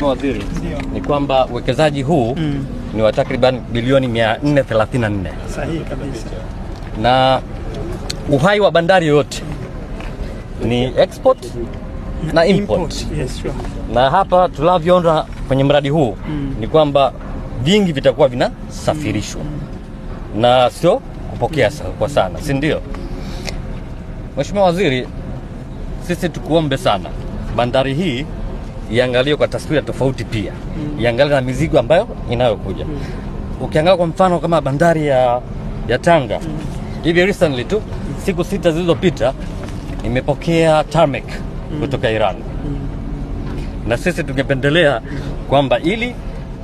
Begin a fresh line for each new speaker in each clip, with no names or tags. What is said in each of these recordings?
tumewadhiri ni kwamba uwekezaji huu mm. ni wa takriban bilioni 434.
Sahihi kabisa.
Na uhai wa bandari yote ni export na, na import. Import. Yes, sure. Na hapa tunavyoona kwenye mradi huu mm. ni kwamba vingi vitakuwa vinasafirishwa mm. na sio kupokea mm. kwa sana, si ndio? Mheshimiwa Waziri, sisi tukuombe sana bandari hii iangalie kwa taswira tofauti pia mm. iangalie na mizigo ambayo inayokuja mm. Ukiangalia kwa mfano kama bandari ya, ya Tanga mm. hivi recently tu siku sita zilizopita imepokea tarmac mm. kutoka Iran mm. na sisi tungependelea kwamba ili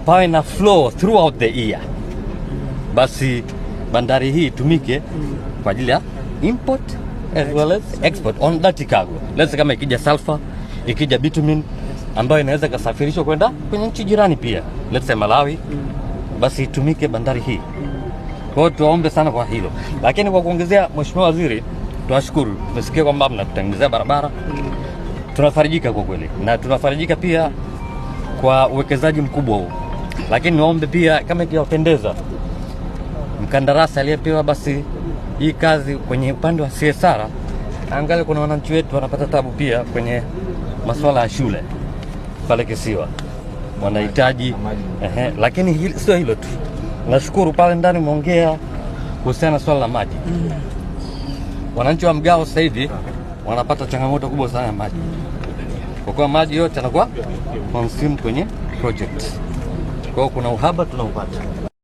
pawe na flow throughout the year basi bandari hii itumike mm. kwa ajili ya import as well as export on that cargo. Let's kama ikija sulfur, ikija bitumen ambayo inaweza ikasafirishwa kwenda kwenye nchi jirani pia, let's say Malawi, basi itumike bandari hii. Kwa hiyo tuwaombe sana kwa hilo, lakini kwa kuongezea, Mheshimiwa Waziri, tunashukuru tumesikia kwamba mnatutengenezea barabara, tunafarijika kwa kweli, na tunafarijika pia kwa uwekezaji mkubwa huu, lakini niwaombe pia kama ikiwapendeza mkandarasi aliyepewa basi hii kazi kwenye upande wa CSR, angalia kuna wananchi wetu wanapata tabu pia kwenye masuala ya shule pale kisiwa wanahitaji eh, lakini sio hilo tu. Nashukuru pale ndani umeongea kuhusiana na swala la maji mm. Wananchi wa Mgao sasa hivi wanapata changamoto kubwa sana ya maji, kwa kuwa maji yote yanakuwa consumed kwenye project, kwa hiyo kuna uhaba tunaupata.